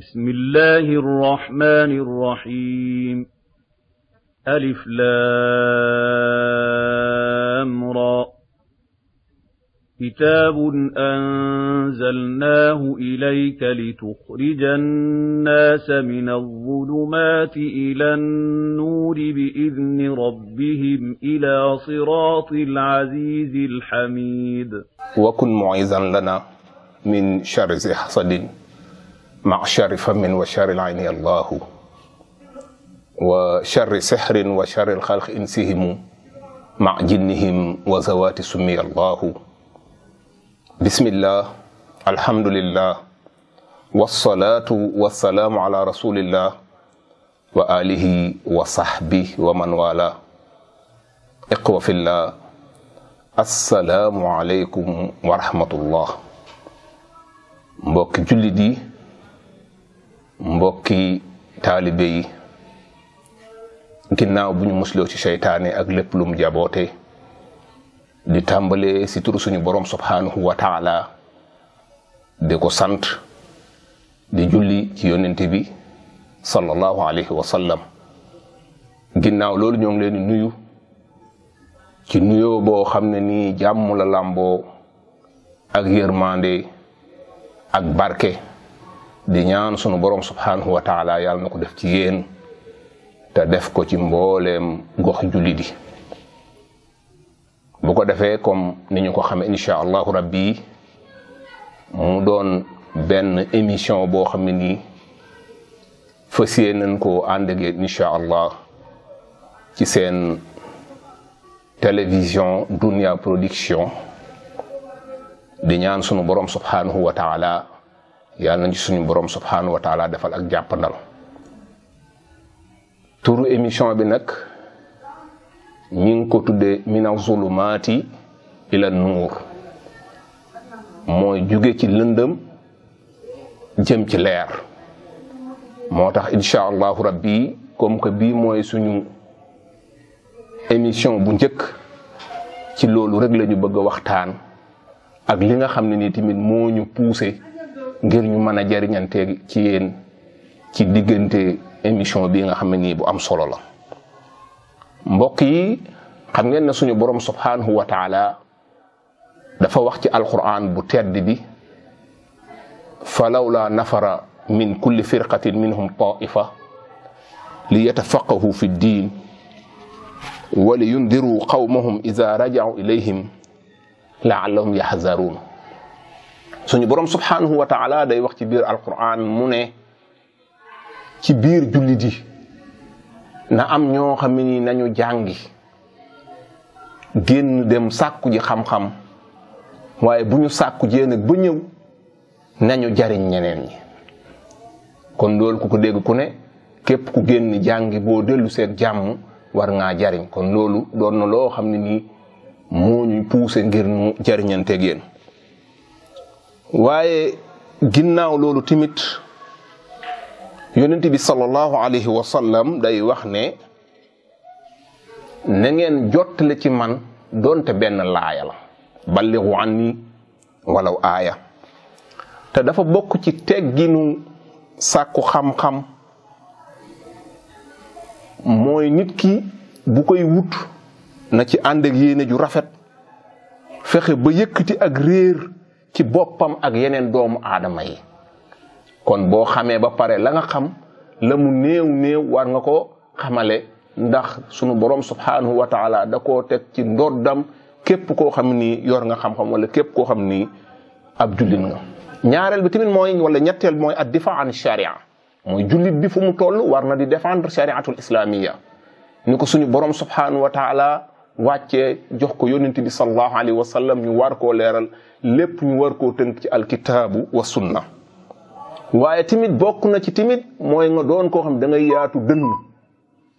بسم الله الرحمن الرحيم ألف لام را كتاب أنزلناه إليك لتخرج الناس من الظلمات إلى النور بإذن ربهم إلى صراط العزيز الحميد وكن معيزا لنا من شر حصد مع شر فم وشر العين الله وشر سحر وشر الخلق إنسهم مع جنهم وزوات سمي الله بسم الله الحمد لله والصلاة والسلام على رسول الله وآله وصحبه ومن والاه إقوى في الله السلام عليكم ورحمة الله مبوك جلدي mbokki taalibe yi ginnaaw bu ñu musloo ci seytaane ak lépp lu mu jaboote di tàmbalee si turu suñu borom subhaanahu wa taala di ko sant di julli ci yonente bi sallallahu alayhi wa sallam ginnaaw loolu ñoo ngi leen di nuyu ci nuyoo boo xam ne nii jàmm la làmboo ak yërmande ak barke di ñaan sunu borom subhanahu wa taala yal nako def ci yéen ta def ko ci mbollem gox julli di bu ko defé comme niñu ko xamé insha Allah rabbi mu doon ben émission bo xamé ni fassiyé nañ ko andé ge insha allah ci sen télévision Dunya Production di ñaan sunu borom subhanahu wa taala yàlla nañ ci suñu borom subhanahu wa taala defal ak jàppandal turu émission bi nag ñi ngi ko tudde mina zulumaati ila nuur mooy juge ci lëndëm jëm ci leer moo tax incha allahu rabbi comme que bii mooy suñu émission bu njëkk ci loolu rek lañu ñu bëgg a waxtaan ak li nga xam ne ni tamit moo ñu poussé ngir ñu mën a jariñante ci yéen ci diggante émission bi nga xam ne nii bu am solo la mbokk yi xam ngeen ne suñu borom subhanahu wa taala dafa wax ci alquran bu tedd bi fa lawla nafara min kulli firqatin minhum taifa li yatafaqahu fi ddin wa li ida rajau ilayhim laallahum yaxzaruun suñu borom subhanahu wa day wax ci biir alquran mu ne ci biir julli di na am ñoo xam ni nañu jàngi génn dem sàkku ji xam-xam waaye bu ñu sàkku jee nag ñëw nañu jariñ ñeneen ñi kon loolu ku ko dégg ku ne képp ku génn jàngi boo dellu seeg jàmm war ngaa jariñ kon loolu doon na loo xam ne nii moo ñu poussé ngir ñu jariñanteeg yéen waaye ginnaaw loolu tamit yonent bi sallallahu alayhi wa day wax ne na ngeen jottale ci man doonte benn laaya la balligu anni walaw aaya te dafa bokk ci tegginu sàkku xam-xam mooy nit ki bu koy wut na ci ànd ak yéene rafet fexe ba yëkkati ak réer ci boppam ak yeneen doomu aadama yi kon boo xamee ba pare la nga xam la mu néew néew war nga ko xamale ndax sunu borom subhanahu wa taala da koo teg ci ndoddam képp koo xam nii yor nga xam wala képp koo xam nii ab jullit nga ñaareel bi tamit mooy wala ñetteel mooy ad difa an sharia mooy jullit bi fu mu toll war na di défendre shariatul islamia ni ko suñu borom subhanahu wa taala wàccee jox ko yonent bi sallallahu alayhi wa war koo leeral lépp ñu war koo tënk ci alkitaabu wa sunna waaye timit bokk na ci timit mooy nga doon koo xam da ngay yaatu dënn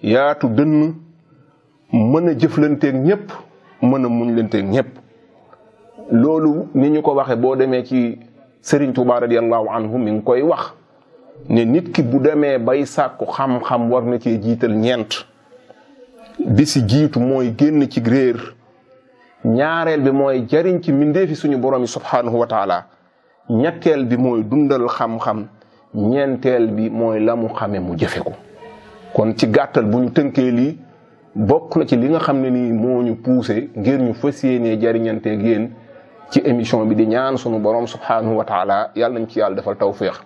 yaatu dënn mën a jëflanteen ñëpp mën a muñ ñépp loolu ni ñu ko waxe boo demee ci Sëriñ Tuubaa radiyallahu anhu mi koy wax ne nit ki bu demee bay sàkku xam-xam war na ci jiital ñeent bi jiitu mooy génn ci réer ñaareel bi mooy jariñ ci mbindeefi suñu boromi yi subhaanahu wa ñetteel bi mooy dundal xam-xam ñeenteel bi mooy la mu xame mu jëfe ko kon ci gàttal bu ñu tënkee lii bokk na ci li nga xam ne ni moo ñu poussé ngir ñu fas yéenee jariñanteeg yéen ci émission bi di ñaan suñu borom subhaanahu wa taala yàlla nañ ci yàlla defal tawféex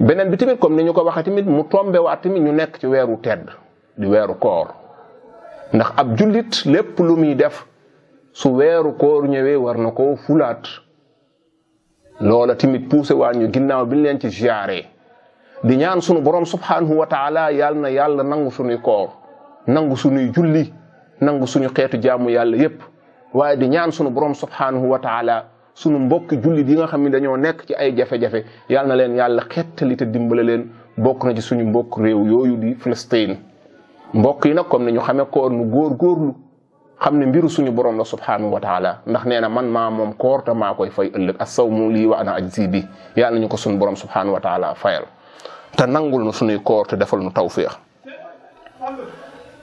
beneen bi tamit comme ni ñu ko waxee tamit mu tombe waat tamit ñu nekk ci weeru tedd di weeru koor ndax ab jullit lépp lu muy def su weeru koor ñëwee war na koo fulaat loola tamit puuse waa ñu ginnaaw bi leen ci ziyaare di ñaan sunu borom subhanahu wa taala yàlla na yàlla nangu sunuy koor nangu sunuy julli nangu suñu xeetu jaamu yàlla yépp waaye di ñaan sunu borom subhanahu wa taala sunu mbokki julli yi nga xam ne dañoo nekk ci ay jafe-jafe yàlla na leen yàlla xettali te dimbale leen bokk na ci suñu mbokk réew yooyu ni ñu xamee koor nu góor góorlu xam ne mbiru suñu borom la subhanahu wa taala ndax nee na man maa moom koor te maa koy fay ëllëg as saw mu lii wa ana ajzi bi yàlla ñu ko suñu borom subhanahu wa taala fayal te nangul nu suñuy koor te defal nu tawféex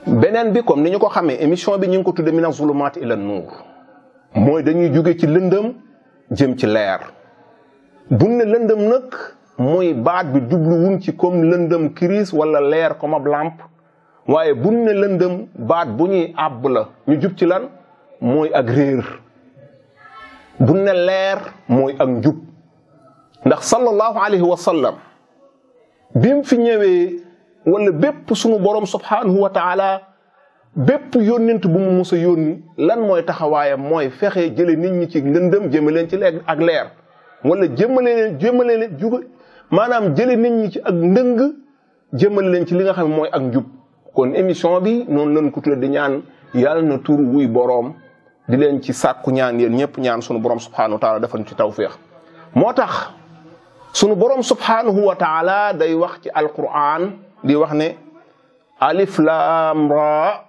beneen bi comme ni ñu ko xamee émission bi ñu ngi ko tudde mina zulumaat ila nuur mooy dañuy jóge ci lëndëm jëm ci leer buñ lëndëm nag mooy baat bi jubluwuñ ci comme lëndëm kiris wala leer comme ab lampe waaye buñ ne lëndëm baat bu ñuy àbb la ñu jub ci lan mooy ak réer buñ leer mooy ak njub ndax sallallahu alayhi wa sallam bim fi ñëwee wala bépp sunu borom subhanahu wa bépp yónnent bu mu mos a lan mooy taxawaayam mooy fexe jële nit ñi ci lëndëm jëmaleen ci leeg ak leer wala jëmale leen jëmale maanaam jële nit ñi ci ak ndëng jëmale leen ci li nga xam ne mooy ak njub kon émission bi non lañ ko tudde di ñaan yàlla na tour wuy borom di leen ci sàkku ñaan yéen ñëpp ñaan sunu borom subhanahu wa taala defal ci tawfiq motax sunu borom subhanahu wa taala day wax ci alquran di wax ne alif lam ra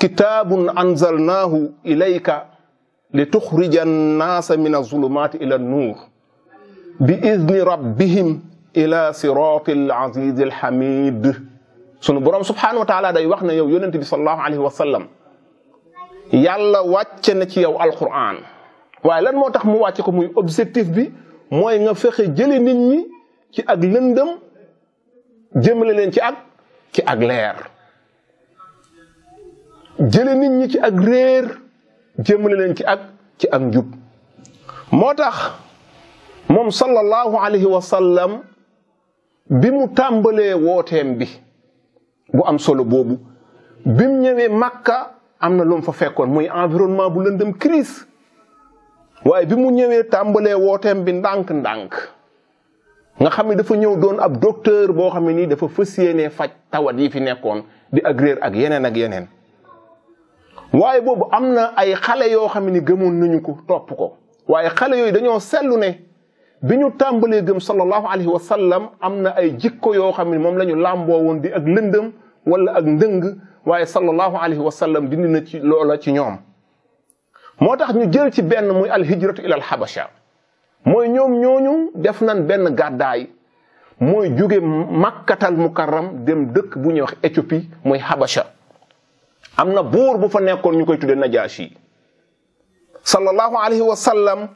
kitabun anzalnahu ilayka لتخرج الناس من الظلمات إلى النور بإذن ربهم إلى صراط العزيز الحميد sunu borom subhanahu wa taala day wax na yow yonent bi sallallahu alayhi wa sallam yàlla wacc na ci yow alquran way lan motax mu wacc ko muy objectif bi moy nga fexe jële nit ñi ci ak lëndëm jëmlé leen ci ak ci ak lèr jële nit ñi ci ak rër jëmlé leen ci ak ci ak njub motax mom sallallahu alayhi wa sallam bi mu tàmbalee wooteem bi bu am solo boobu bi mu ñëwee Makka am na lum mu fa fekkoon muy environnement bu lëndëm crise waaye bi mu ñëwee tàmbalee wooteem bi ndànk-ndànk nga xam ne dafa ñëw doon ab docteur boo xam ne nii dafa fas yéenee faj tawat yi fi nekkoon di ak réer ak yeneen ak yeneen waaye boobu am na ay xale yoo xam ne ni gëmoon nañu ko topp ko waaye xale yooyu dañoo seetlu ne bi ñu tàmbalee gëm sallallahu alayhi wa sallam am na ay jikko yoo xam ne moom lañu ñu làmboo woon di ak lëndëm wala ak ndëng waaye sallallahu alayhi wa sallam dindi na ci loola ci ñoom moo tax ñu jël ci benn muy alhijratu ila alxabasha mooy ñoom ñooñu def nan benn gàddaay mooy jóge makkatal mukarram dem dëkk bu ñuy wax éthiopie muy habasha am na buur bu fa nekkoon ñu koy tudde najashi sallallahu alayhi wa sallam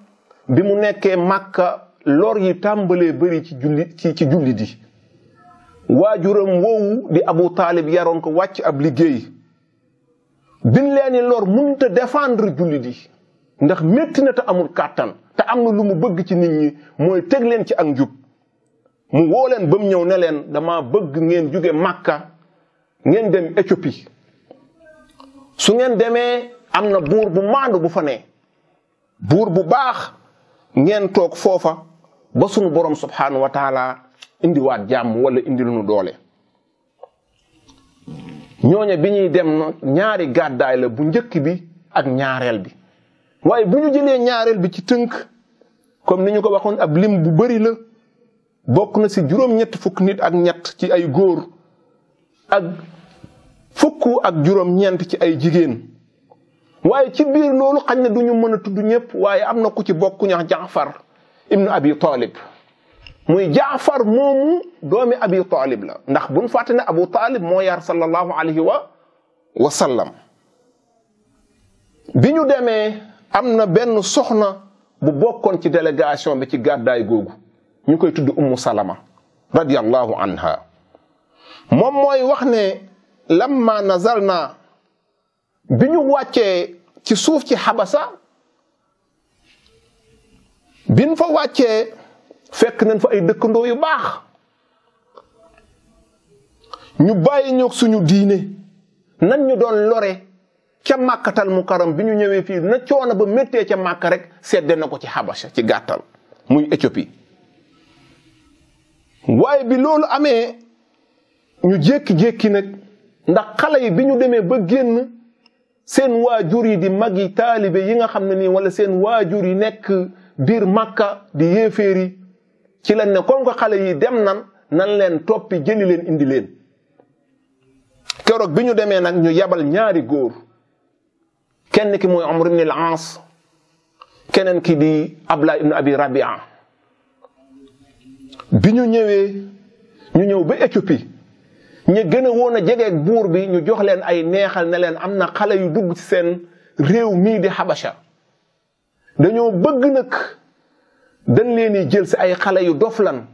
bi mu nekkee makka lor yi tàmbalee bari ci julli ci ci julli di waajuram woowu di abu taalib yaroon ko wàcc ab liggéey bin leeni lor mënta défendre jullit yi ndax métti na amul kàttan te am na lu mu bëgg ci nit ñi mooy teg leen ci ak jub mu woo leen ba mu ñëw ne leen dama bëgg ngeen jóge màkka ngeen dem Éthiopie su ngeen demee am na buur bu maandu bu fa ne buur bu baax ngeen toog foofa ba sunu borom subhanahu wa indiwaat jàmm wala indil nu doole ñooñe bi ñuy dem na ñaari gàddaay la bu njëkk bi ak ñaareel bi waaye bu ñu jëlee ñaareel bi ci tënk comme ni ñu ko waxoon ab lim bu bari la bokk na ci juróom-ñett fukk nit ak ñett ci ay góor ak fukk ak juróom-ñeent ci ay jigéen waaye ci biir loolu xañ na du ñu mën a tudd ñëpp waaye am na ku ci bokk ñax Jaafar ibnu Abi Talib muy jaafar moomu doomi abi talib la ndax buñ fàtte abu talib moo yar sallallahu alayhi wa sallam bi ñu demee am na benn soxna bu bokkoon ci délégation bi ci gàddaay googu ñu koy tudd ummu salama radiyallahu anha moom mooy wax ne lamma nazalna bi ñu wàccee ci suuf ci xabasa bin fa wàccee fekk nañ fa ay dëkkandoo yu baax ñu bàyyi ñoog suñu diine nan ñu doon lore ca màkkatal mu karam bi ñu ñëwee fii na coona ba méttee ca màkk rek sedde na ko ci Habasha ci gàttal muy Éthiopie waaye bi loolu amee ñu jékki-jékki nag ndax xale yi bi ñu demee ba génn seen waajur yi di mag yi taalibe yi nga xam ne nii walla seen waajur yi nekk biir màkka di yéeféeri ci lan ne comme que xale yi dem nan nan leen toppi jëli leen indi leen keroog bi ñu demee nag ñu yabal ñaari góor kenn ki mooy Amr ibn al keneen ki di Abla ibn Abi Rabia bi ñu ñëwee ñu ñëw ba Éthiopie ñu gën a woon a jegeeg buur bi ñu jox leen ay neexal ne leen am na xale yu dugg seen réew mii di Habasha dañoo bëgg dañ leen jël si ay xale yu doflan lan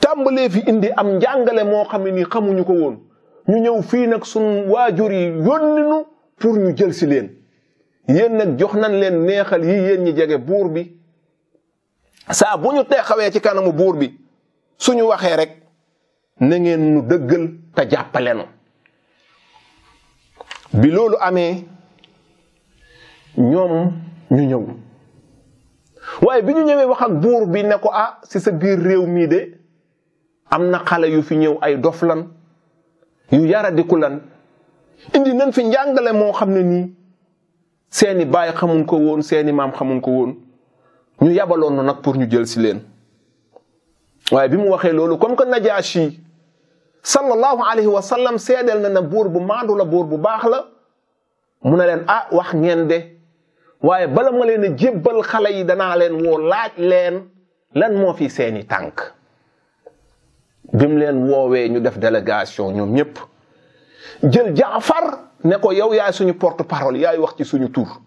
tàmbalee fi indi am njàngale moo xam ne nii xamuñu ko woon ñu ñëw fii nag sun waajur yi yónni pour ñu jël si leen yéen nag jox nañ leen neexal yi yéen ñu jege buur bi saa bu ñu teexawee ci kanamu buur bi suñu waxee rek na ngeen nu dëggal te jàppale nu bi loolu amee ñoom ñu ñëw waaye bi ñu ñëwee wax ak buur bi ne ko ah si sa biir réew mii de am na xale yu fi ñëw ay dof lan yu yaradiku lan indi nañ fi njàngale moo xam ne nii seeni baay xamuñ ko woon seeni maam xamuñ ko woon ñu yabaloon na nag pour ñu jël si leen waaye bi mu waxee loolu comme que Najaashi sallallahu alayhi wa sallam seedeel na na buur bu maandu la buur bu baax la mu ne leen ah wax ngeen de waaye bala ma leen a jébbal xale yi danaa leen woo laaj leen lan moo fi seeni tànk bim leen woowee ñu def délégation ñoom ñëpp jël jaafar ne ko yow yaay suñu porte parole yaay wax ci suñu tur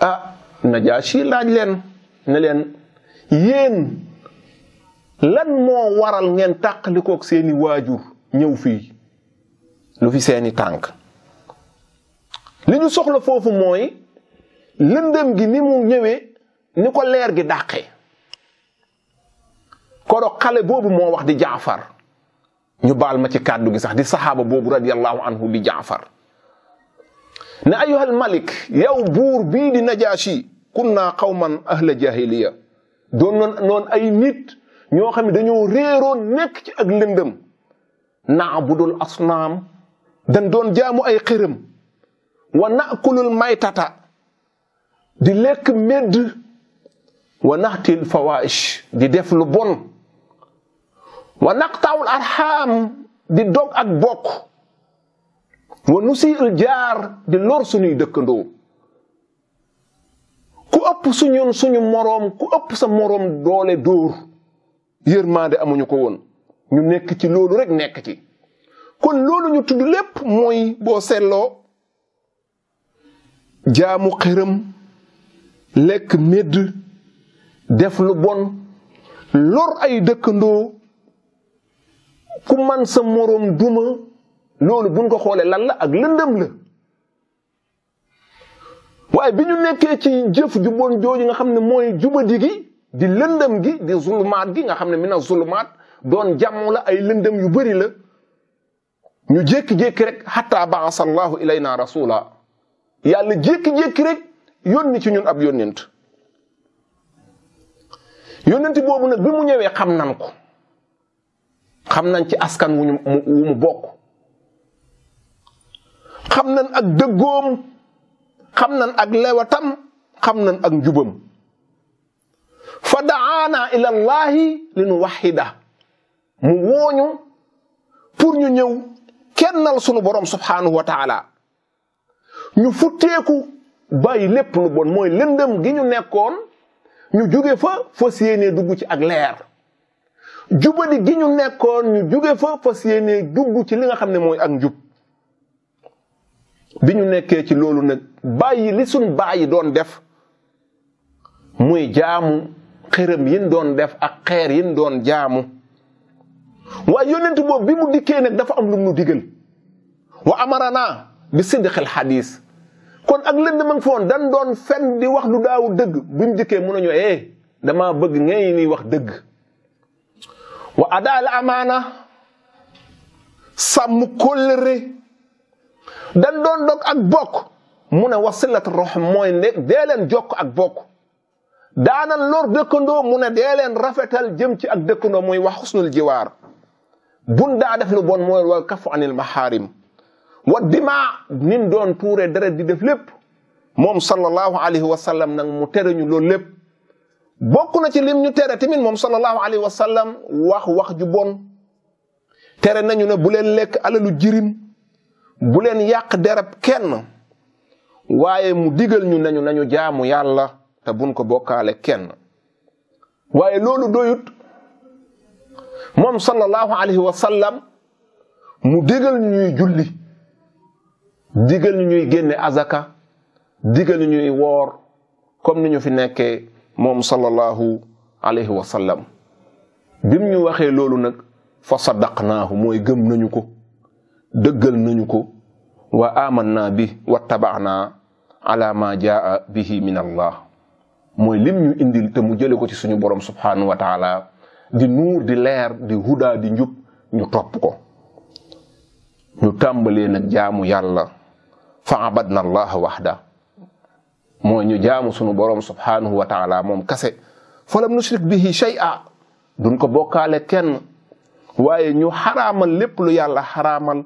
ah Najaashi laaj leen ne leen yéen lan moo waral ngeen tàqalikook seeni waajur ñëw fii lu fi seeni tànk li ñu soxla foofu mooy lëndëm gi ni mu ñëwee ni ko leer gi dàqee koro xale boobu moo wax di jafar ñu baal ma ci kàddu gi sax di saxaaba boobu radiyallahu anhu di jaafar ne ayuhal malik yow buur bii di najaasi kunna qawman ahla jahiliya doon noon ay nit ñoo xam ne dañoo réeroon nekk ci ak lëndëm naabudul asnaam dan doon jaamu ay xërëm wa naakulul maytata di lekk medd wa naxtil fawaish di def bon wa naqtaawul arxaam di dog ak bokk wa nusiil jaar di lor suñuy dëkkandoo ku ëpp suñun suñu moroom ku ëpp sa moroom doole dóor yërmaande amuñu ko woon ñu nekk ci loolu rek nekk ci kon loolu ñu tudd lépp mooy boo seetloo jaamu xërëm lekk médd def lu bon lor ay dëkkandoo ku man sa moroom duma loolu buñ ko xoolee lan la ak lëndëm la waaye bi ñu nekkee ci jëf ju bon jooju nga xam ne mooy jubadi gi di lëndëm gi di zulumaat gi nga xam ne mina zulumaat doon jàmm la ay lëndëm yu bari la ñu jékki-jékki rek xataa baasallahu ilayna rasula yàlla jékki-jékki rek yónni ci ñun ab yónnent yónnent boobu nag bi mu ñëwee xam nan ko xam nañ ci askan wu mu bokk xam nañ ak dëggoom xam nañ ak lewatam xam nañ ak njubam fa daana ilallahi li nu waxida mu wooñu pour ñu ñëw kennal sunu borom subhanahu wa taala ñu futteeku bàyyi lépp lu bon mooy lëndëm gi ñu nekkoon ñu jóge fa fas yéenee dugg ci ak leer jubadi gi ñu nekkoon ñu jóge fa fas yéenee dugg ci li nga xam ne mooy ak njub bi ñu nekkee ci loolu nag bàyyi li suñ doon def muy jaamu xërëm yin doon def ak xeer yin doon jaamu waaye yonent boobu dikkee nag dafa am lu mu digal wa amarana bi sidqil xadiis kon ak lënd ma nga foon doon fen di wax lu daaw dëgg bi mu dikkee mun a ñoo eh dama bëgg ngeen ni wax dëgg wa adaal amaana sàmm kóllëre dan doon dog ak bokk mun a wasilat rox mooy ne dee leen jokk ak bokk daanal lor dëkkandoo mun a dee leen rafetal jëm ci ak dëkkandoo muy wax xusnul jiwaar bun daa def lu bon mooy wal kafu anil maharim wa maa nin doon tuure deret di def lépp moom sallallahu alayhi wa sallam nag mu tere ñu loolu lépp bokk na ci lim ñu tere tamit moom sallallahu alayhi wa sallam wax wax ju bon tere nañu ne bu leen lekk alalu jirim bu leen yàq derab kenn waaye mu digal ñu nañu nañu jaamu yàlla te buñ ko bokkaale kenn waaye loolu doyut moom sallallahu alayhi wa sallam mu digal ñuy julli digal ñu ñuy génne azaka digal ñu ñuy woor comme ni ñu fi nekkee moom sallallahu alayhi wa sallam bim ñu waxee loolu nag fa saddaqnaahu mooy gëm nañu ko dëggal nañu ko wa amanna bi wa tabaanaa ala ma jaa bihi min allah mooy lim ñu indil te mu jële ko ci suñu borom subhanahu wa di nuur di leer di huda di njub ñu topp ko ñu tàmbalee nag jaamu yàlla fa abadna allaha waxda mooy ñu jaamu sunu borom subhanahu wa taala moom kase fole nushrik bihi shay'a duñ ko bokkaale kenn waaye ñu xaraamal lépp lu yàlla xaraamal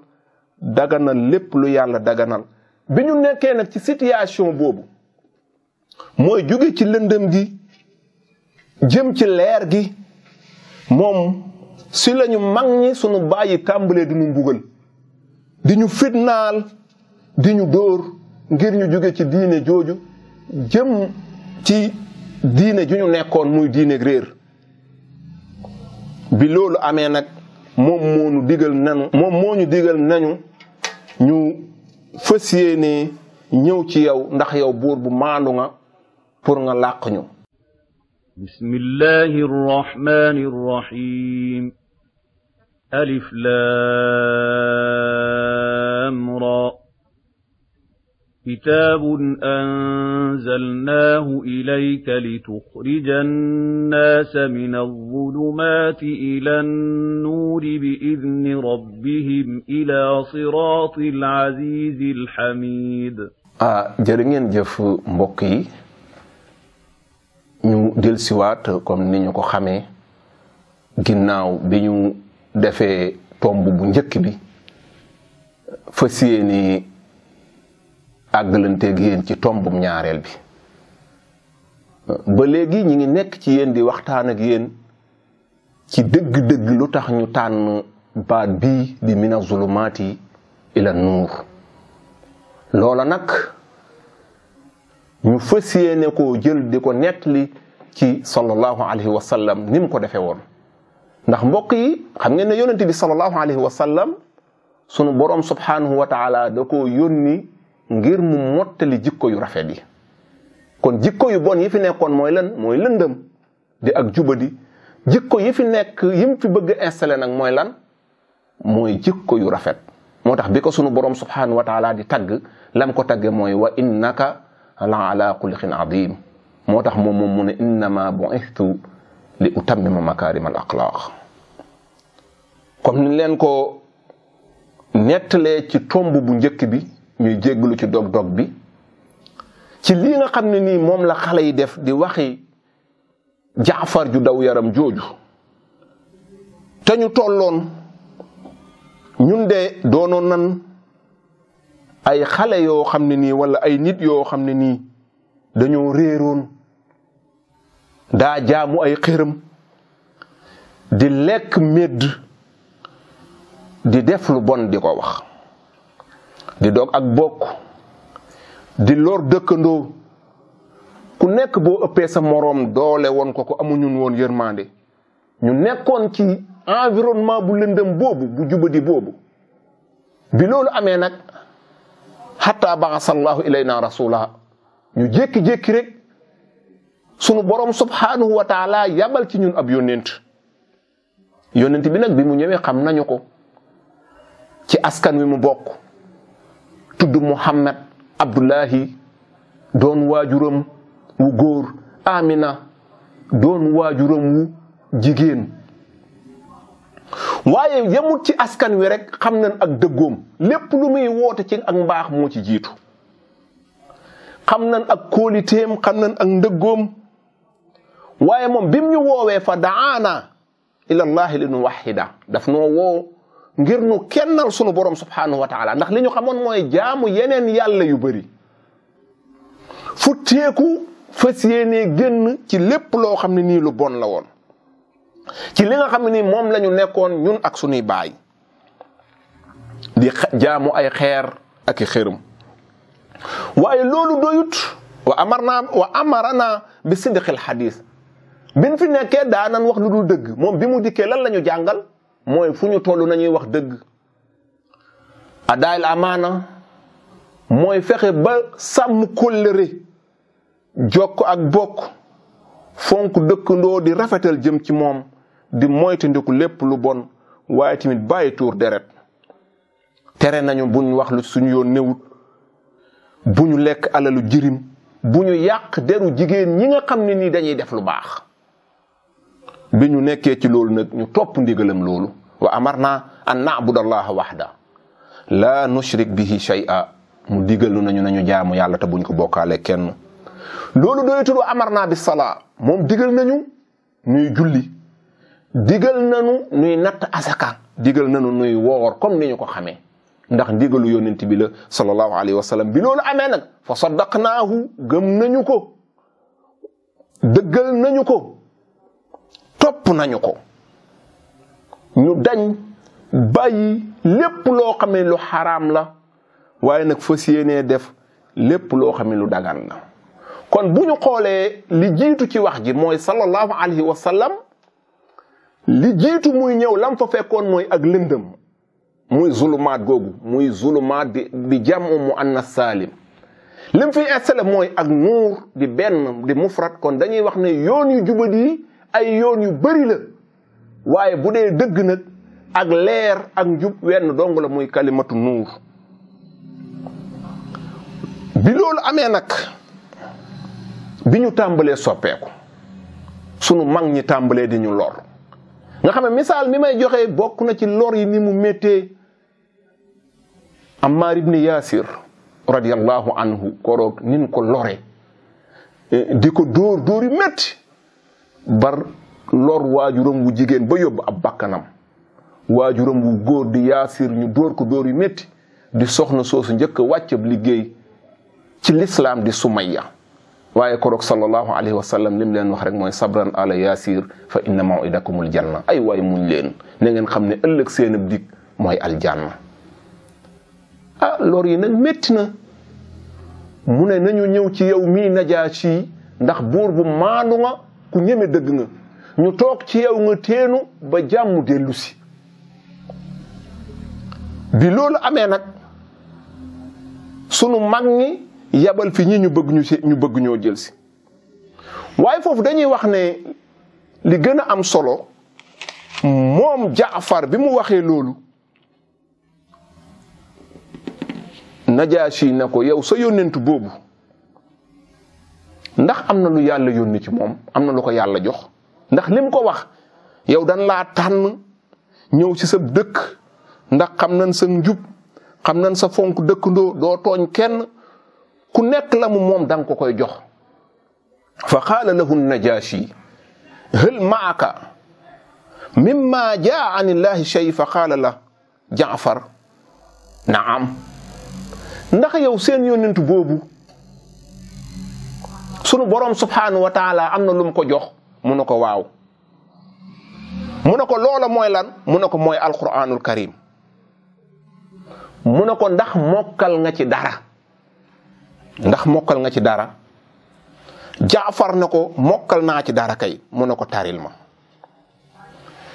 daganal lépp lu yàlla daganal bi ñu nekkee nag ci situation boobu mooy jóge ci lëndëm gi jëm ci leer gi moom si lañu mag sunu bàyyi tàmbalee di ñu di ñu fitnaal di ñu dóor ngir ñu jóge ci diine jooju jëm ci diine ju ñu nekkoon muy diine réer bi loolu amee nag moom moo ñu digal nañu ñu fas yéene ñëw ci yow ndax yow buur bu maandu nga pour nga làq ñu bismillahi rrahmani rrahim alif كتاب أنزلناه إليك لتخرج الناس من الظلمات إلى النور بإذن ربهم إلى صراط العزيز الحميد جرمين جف مبقي نيو ديل سوات كم نيو كو خامي جناو بنيو دفع تومبو بنجك بي فسيني àggalanteeg yéen ci tombum ñaareel bi ba léegi ñi ngi nekk ci yéen di waxtaan ak yéen ci dëgg-dëgg lu tax ñu tànn baat bii di mina zulumaati ila nuur loola nag ñu fas yéene koo jël di ko nettali ci sallallahu alayhi wa sallam ko defe woon ndax mbokk xam ngeen ne yonente bi sallallahu alayhi wa sunu boroom subhanahu wa da koo yónni ngir mu mottali jikko yu rafet yi kon jikko yu bon yi fi nekkoon mooy lan mooy lëndëm di ak juba di jikko yi fi nekk yim fi bëgg installé nag mooy lan mooy jikko yu rafet moo tax bi ko sunu borom subhanahu wa di tagg lam ko tagge mooy wa innaka la ala xulqin adim moo tax moom moom mu ne innama bu'ithtu li utammima makarim al axlaq comme ni leen ko nettalee ci tomb bu njëkk bi ñuy jégglu ci dog-dog bi ci lii xam ne nii moom la xale yi def di waxi jaafar ju daw yaram jooju te ñu tolloon ñun de doonoon nan ay xale yoo xam ne nii walla ay nit yoo xam ne nii dañoo réeroon daa jaamu ay xërëm di lekk médd di def bon di ko wax di doog ak bokk di lor dëkkandoo ku nekk boo ëppee sa moroom doole woon ko ko amuñun woon yërmande ñu nekkoon ci environnement bu lëndëm boobu bu jubadi boobu bi loolu amee nag xataa baasallahu ilayna rasula ñu jékki-jékki rek sunu borom subhanahu wa taala yabal ci ñun ab yonnint yónneent bi nag bi mu ñëwee xam nañu ko ci askan wi mu bokk tudd Muhammad Abdullahi doon waajuram wu góor Amina doon waajuram wu jigéen waaye yemut ci askan wi rek xam nañ ak dëggoom lépp lu muy woote ci ak mbaax moo ci jiitu xam nañ ak kóoliteem xam nañ ak ndëggoom waaye moom bim ñu woowee fa daana ilallahi li nu daf noo woo ngir nu kennal sunu borom subhanahu wa taala ndax li ñu xamoon mooy jaamu yeneen yàlla yu bari futteeku fas yéenee génn ci lépp loo xam ne nii lu bon la woon ci li nga xam ne moom la nekkoon ñun ak sunuy baay di jaamu ay xeer aki i xërëm waaye loolu doyut wa amar naa wa amarana bi sidqil xadis bin fi nekkee daanan wax lu dul dëgg moom bi mu dikkee lan la ñu jàngal mooy fu ñu toll nañuy wax dëgg adaayil amaana mooy fexe ba sàmm kóllëre jokk ak bokk fonk dëkkandoo di rafetal jëm ci moom di moytandiku lépp lu bon waaye tamit bàyyi tuur deret tere nañu buñ wax lu suñu yoon newut bu ñu lekk alalu jirim bu ñu yàq deru jigéen ñi nga xam ne nii dañuy def lu baax bi ñu nekkee ci loolu nag ñu topp ndigalam loolu wa amar naa an naabudallaha waxda laa nushrik bihi shay'a mu digalu nañu nañu jaamu yàlla te buñ ko bokkaale kenn loolu doyatul wa amar naa bi salaa moom digal nañu ñuy julli digal nañu ñuy natt asaka digal nañu ñuy woor comme ni ko xamee ndax ndigalu yonent bi la sallallahu alayhi wa sallam bi loolu amee nag fa saddaqnaahu gëm nañu ko dëggal nañu ko topp nañu ko ñu dañ bàyyi lépp loo xam ne lu xaraam la waaye nag fas yéenee def lépp loo xam ne lu dagan la kon bu ñu xoolee li jiitu ci wax ji mooy sallallahu alayhi wa sallam li jiitu muy ñëw lam fekkoon mooy ak lëndëm muy zulumaat googu muy zulumaat di di jamu mu annas saalim lim fi installé mooy ak nuur di benn di mufrat kon dañuy wax ne yoon yu jubadi ay yoon yu bëri la waaye bu dee dëgg nag ak leer ak njub wenn dong la muy kalimatu nuur bi amee nag bi ñu tàmbalee soppeeku sunu mag ñi tàmbalee di ñu lor nga xam ne misaal mi may joxe bokk na ci lor yi ni mu mettee Ammaar ibni Yaasir radiyallahu anhu koroog nin ko lore di ko dóor dóor yu bar lor waajuram wu jigéen ba yóbbu ab bakkanam waajuram wu góor di yaasir ñu dóor ku dóor yu metti di soxna soosu njëkk a wàccab liggéey ci lislaam di sumayya waaye koroog sallallahu alayhi wa sallam lim leen wax rek mooy sabran ala yaasir fa inna mawidakumul janna ay waay muñ leen na ngeen xam ne ëllëg seenab dig mooy aljanna ah lor yi nag métti na mu ne nañu ñëw ci yow mii najaashi ndax buur bu ku ñeme dëgg nga ñu toog ci yow nga teenu ba jàmm dellusi bi loolu amee nag sunu mag ñi yabal fi ñi ñu bëgg ñu ci jël si waaye foofu dañuy wax ne li gën a am solo moom jaafar bi mu waxee loolu najaasi na ko yow sa yónnent boobu ndax am na lu yàlla yónni ci moom am na lu ko yàlla jox ndax lim ko wax yow dan laa tànn ñëw ci sa dëkk ndax xam nañ sa njub xam nañ sa fonk dëkkandoo doo tooñ kenn ku nekk la mu moom danga ko koy jox fa qaala lahu najashi hal maaka ma jaa an illahi shay fa qaala la jaafar naam ndax yow seen yónnent boobu sunu borom subhanahu am na lu ko jox mu ne ko waaw mu ne ko loola mooy lan mu ne ko mooy alquranul karim mu ne ko ndax mokkal nga ci dara ndax mokkal nga ci dara jaafar na ko mokkal naa ci dara kay mu ne ko taril ma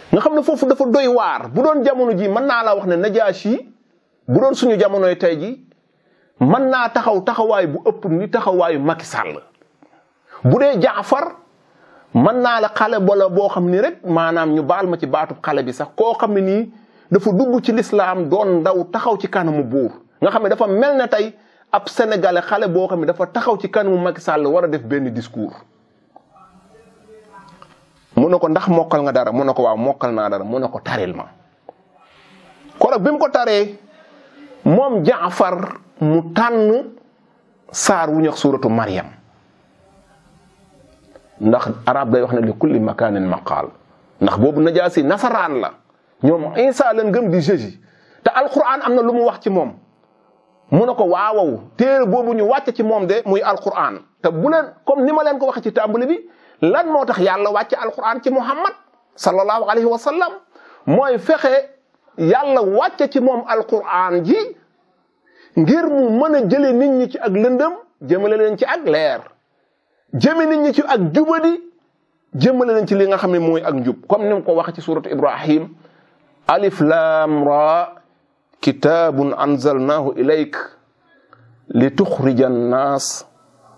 nga xam ne foofu dafa doy waar bu doon jamono ji mën naa la wax ne Najaashi bu doon suñu jamonoy tey ji mën naa taxaw taxawaay bu ëpp ni taxawaayu Macky Sall bu dee jaafar mën naa la xale bala boo xam ni rek maanaam ñu baal ma ci baatub xale bi sax koo xam ne nii dafa dugg ci lislaam doon ndaw taxaw ci kanamu buur nga xam ne dafa mel na tey ab sénégalais xale boo xam ne dafa taxaw ci kanamu Macky Sall war a def benn discours. mu ne ko ndax mokkal nga dara mu ne ko waaw mokkal naa dara mu ne ko taril ma kon nag bi mu ko taree moom jaafar mu tànn saar wu ñuy wax suuratu Maryam ndax arab day wax na li kulli makanin maqal ndax bobu najasi nasaran la ñom isa lañ gëm di jeji ta alquran amna lu mu wax ci mom mu ne ko waawaw téere boobu ñu wàcc ci moom de muy alquran te bu leen comme ni ma leen ko waxee ci tàmbali bi lan moo tax yàlla wàcc alquran ci muhammad sallallahu alayhi wa sallam mooy fexe yàlla wàcc ci moom alquran ji ngir mu mën a jële nit ñi ci ak lëndëm jëmale leen ci ak leer jëme nit ñi ci ak jubadi jëmale nañ ci li nga xam ne mooy ak jub comme ni ko wax ci suratu ibrahim alif lam ra kitaabun anzalnaahu ilayk li tuxrija annaas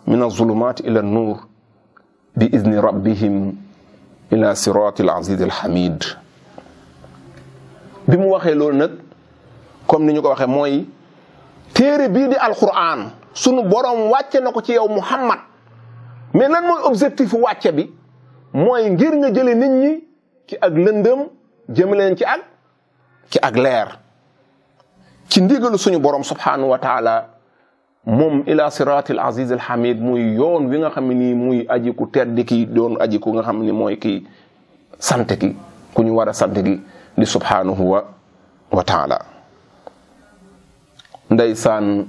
min azulumaat ila nuur bi idni rabbihim ila sirati alaziz alhamid bi mu waxee loolu nag comme ni ñu ko waxee mooy téere bii di alquran sunu boroom wàcce na ko ci yow muhammad mais nan mooy objectif wàcce bi mooy ngir nga jële nit ki ak lëndëm jëm leen ci ak ci ak leer ci ndigalu suñu borom subhanahu wa moom ila siratil aziz al muy yoon wi nga xam ne nii muy aji ku tedd ki doon aji ku nga xam ni mooy kii sant ki ku ñu war a sant gi di subhanahu wa wa taala ndeysaan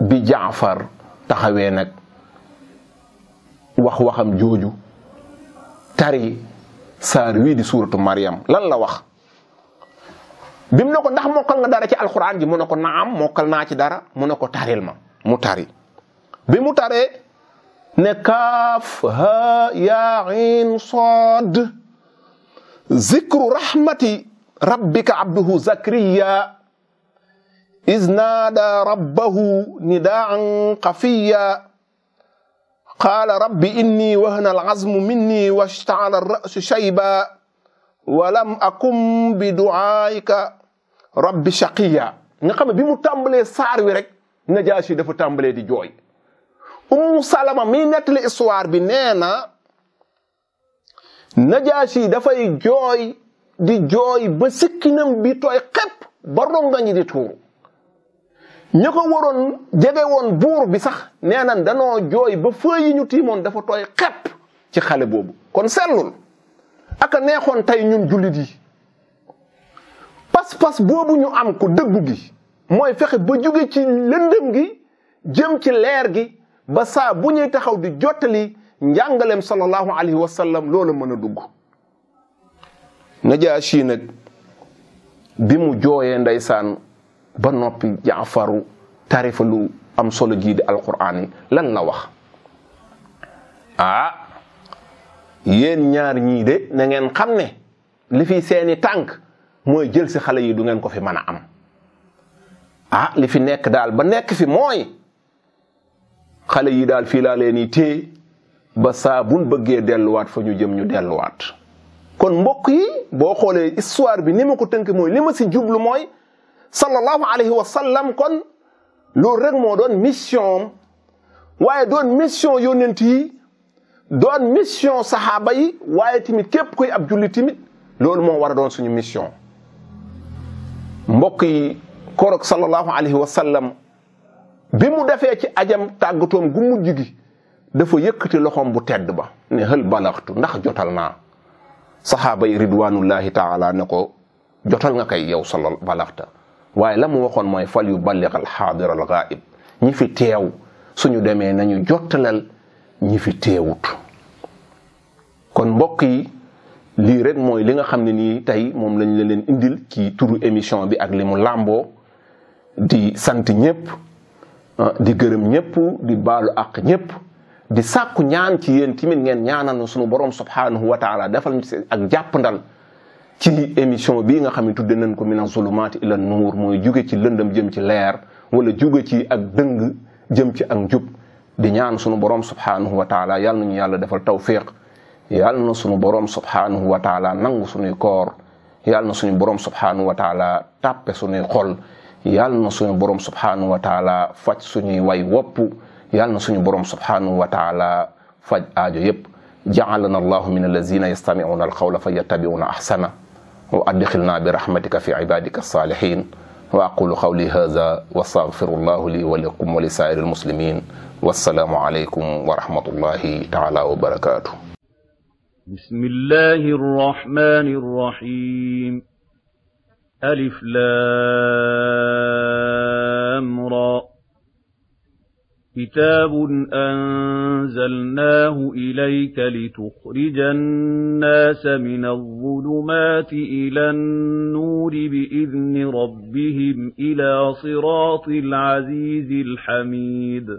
bi jaafar taxawee nag wax waxam jooju tari saar wii di suuratu Maryam lan la wax bim ne ko ndax mokkal nga dara ci alxuraan ji mu naam mokkal naa ci dara mu ne ko taril ma mu tari mu taree ne kaaf ha yaa in zikru rahmati rabbika abduhu zakariya iz naada rabbahu nidaan qafiya قال رب إني وهن العزم مني واشتعل الرأس شيبا ولم أقم بدعائك رب شقيا نقم بمو تامبلي سار ويرك نجاشي دفو تامبلي دي جوي أم سلمة مينت لإسوار بنانا نجاشي دفو جوي دي جوي بسكنم بيتوي قب برنغاني دي تورو ña ko waroon jege woon buur bi sax nee na danoo jooy ba fëy yi ñu tiimoon dafa tooy xepp ci xale boobu kon sellul aka neexoon tey ñun jullit yi pas-pas boobu ñu am ko dëggu gi mooy fexe ba jóge ci lëndëm gi jëm ci leer gi ba saa bu ñuy taxaw di jottali njàngaleem sallallahu alayhi wa sallam loola mën a dugg Najaashi nag bi mu jooyee ndeysaan ba noppi jaafaru tarifa lu am solo jii di alquraan yi lan la wax ah yéen ñaar ñii de na ngeen xam ne li fi seeni tànk mooy jël si xale yi du ngeen ko fi mën a am ah li fi nekk daal ba nekk fi mooy xale yi daal fii laa leen yi téye ba saa bëggee delluwaat fa ñu jëm ñu delluwaat kon mbokk yi boo xoolee histoire bi ni ma ko tënk mooy lima ma si jublu mooy sallallahu alayhi wa sallam kon lo rek mo don mission waye don mission yonenti don mission sahaba yi waye timit kep koy ab julli timit loolu mo wara don suñu mission mbok yi korok sallallahu alayhi wa sallam bi mu defee ci adjam tàggatoom gu mujju gi dafa yëkkati loxom bu tedd ba ne hal balaghtu ndax jotal naa saxaaba yi ridwanullahi taala nako jotal nga kay yow sallallahu alayhi wa sallam waaye la mu waxoon mooy fal yu balligh al xaadir al gaaib ñi fi teew suñu demee nañu jottalal ñi fi teewut kon mbokk yi lii rek mooy li nga xam ne nii tey moom lañ la leen indil ci turu émission bi ak limu mu làmboo di sant ñëpp ah, di gërëm ñëpp di baalu àq ñëpp di sàkku ñaan ci yéen tamit ngeen ñaanal suñu borom subhanahu wa taala defal ak jàppandal ci émission bi nga xam ne tudde nañ ko mina zulumaati ila nuur mooy juge ci lëndam jëm ci leer wala juge ci ak dëng jëm ci ak njub di ñaan sunu borom subhanahu wa taala yàlla nañu yàlla defal tawfiq yàlla na sunu borom subhanahu wa taala nangu sunuy koor yàlla na suñu borom subhanahu wa taala tàppe sunuy xol yàlla na suñu borom subhanahu wa taala faj suñuy way wopp yàlla na suñu borom subhanahu wa taala faj aajo yépp ja'alana allahu min allazina yastami'una alqawla fayattabi'una ahsana وأدخلنا برحمتك في عبادك الصالحين وأقول قولي هذا واستغفر الله لي ولكم ولسائر المسلمين والسلام عليكم ورحمة الله تعالى وبركاته بسم الله الرحمن الرحيم ألف لام را كِتَابٌ أَنزَلْنَاهُ إِلَيْكَ لِتُخْرِجَ النَّاسَ مِنَ الظُّلُمَاتِ إِلَى النُّورِ بِإِذْنِ رَبِّهِمْ إِلَىٰ صِرَاطِ الْعَزِيزِ الْحَمِيدِ